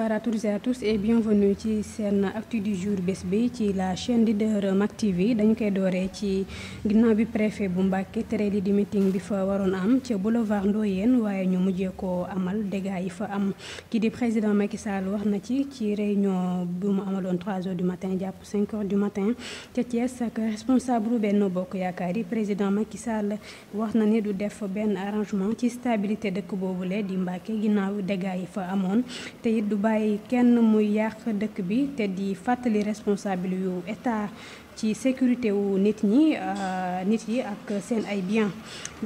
bonsoir à toutes et à tous et bienvenue ci seen actu du jour bés bi ci la chaine chaîne leader Mak yi dañu koy dooree ci ginnaaw bi préfet bu Mbàkke tere li di meeting bi fa waroon am ca boulevard Ndoyeen waaye ñu mujjee koo amal dégâts yi fa am kii di président Macky Sall wax na ci ci réunion bu mu amaloon 3 heures du matin jàpp 5 heures du matin ca Thiès ak responsable benn Bokk Yaakaar yi président Macky Sall wax na ni du def benn arrangement ci stabilité dëkk boobule di Mbàkke ginnaaw dégâts yi fa amoon bàyyi kenn muy yàq dëkk bi te di fàttali responsable yu état ci sécurité wu nit ñi euh, nit yi ak seen ay biens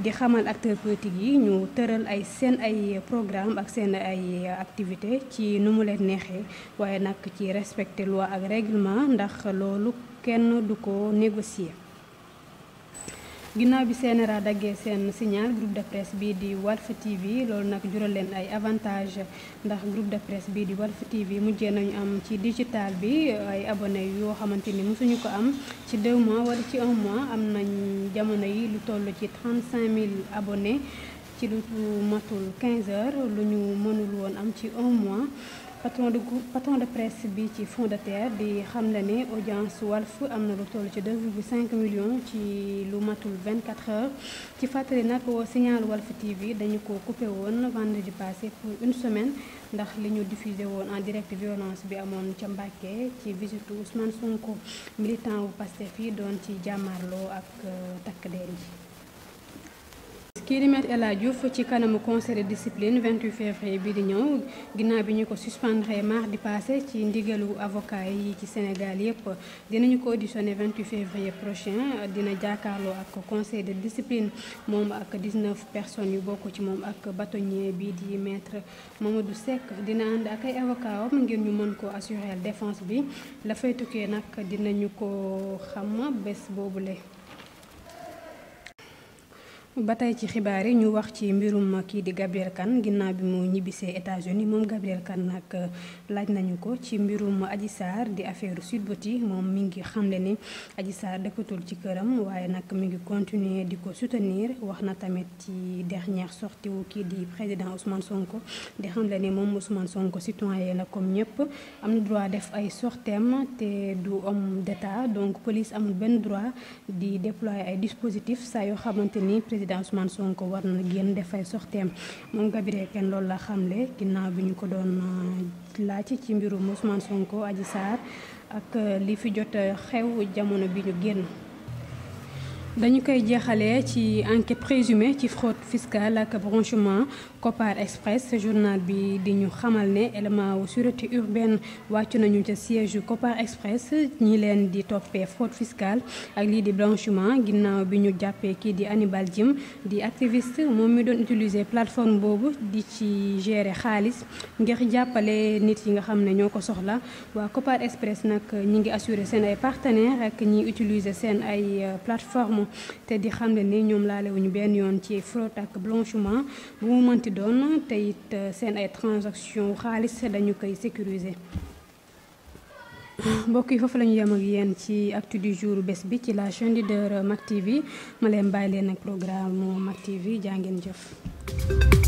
di xamal acteurs politiques yi ñu tëral ay seen ay programme ak seen ay activité ci nu mu leen neexee waaye nag ci respecter loi ak règlement ndax loolu kenn du ko négocier. ginnaaw bi CNRA daggee seen signal groupe de presse bii di Walf TV loolu nag jural leen ay avantage ndax groupe de presse bii di Walf TV mujje nañu am ci digital bi ay abonné yoo xamante ni mosuñu ko am ci deux mois wala ci un mois am nañ jamono yi lu toll ci cinq mille abonné ci lu matul 15 heures lu ñu mënul woon am ci un mois patron de patron de presse bi ci Front de Terre di xam la ni audience Walf am na lu toll ci 2,5 millions ci lu matul 24 heures ci fàttali nag signal Walf TV dañu ko coupé woon vendredi passé pour une semaine ndax li ñu diffusé woon en direct violence bi amoon ca Mbàkke ci visite Ousmane Sonko militant wu Pastef yi doon ci jàmmarloo ak euh, takk der yi kii di maître El Hadji ci kanamu conseil de vingt 28 février bi di ñëw ginnaaw bi ñu ko suspendre di passé ci ndigalu avocat yi ci Sénégal yépp dinañu ko auditionné 28 février prochain dina jàkkaarloo ak conseil de discipline moom ak 19 personnes yu bokk ci moom ak bâtonnier bii di maître du Seck dina ànd ak ay avocat am ngir ñu mën ko assurer défense bi la fay tukkee nag dinañu ko xam bés boobule. ba tey ci xibaar yi ñu wax ci mbirum kii di Gabriel kan ginnaaw bi mu ñibbisee États-Unis moom Gabriel kan nag euh, laaj nañu ko ci mbirum aji Sarr di affaire Sweet Beauté moom mi ngi xamle ni aji Sarr dëkkatul ci këram waaye nag mi ngi continuer di ko soutenir wax na tamit ci dernière sortie wu kii di président Ousmane Sonko di xamle ni moom Ousmane Sonko citoyen la comme ñëpp am na droit def ay sortem te du homme d'état donc police amul benn droit di déployer président Ousmane Sonko war na génn dafay soxteem moom Gabrielle Kane loolu la xamle ginnaaw bi ñu ko doon euh, laaj ci mbiru Ousmane Sonko Adji Sarr ak euh, li fi jot xew jamono bi ñu génn. dañu koy jeexalee ci enquête présumée ci fraude fiscale ak branchement Copar Express journal bi di ñu xamal ne élément wu sûreté urbaine wàcc nañu ca siège Copar Express ñi leen di toppee fraude fiscale ak lii di blanchiment ginnaaw bi ñu jàppee kii di annibal Djim di activiste moom mi doon utiliser plateforme boobu di ci gérer xaalis ngir jàppale nit yi nga xam ne ñoo ko soxla waa Copar Express nag ñi ngi assurer seen ay partenaires ak ñi utiliser seen ay euh, plateforme te di xam ne ni ñoom laalewuñu benn yoon ci fraude ak blanchiment bu mu mënti doon te it euh, seen ay transaction xaalis dañu koy sécurisé mbokk yi foofu la yem ak yéen ci actu du jour bés bi ci la chaîne leader Mak TV ma leen bàyyi leen ak programme Mak TV jaa ngeen jëf.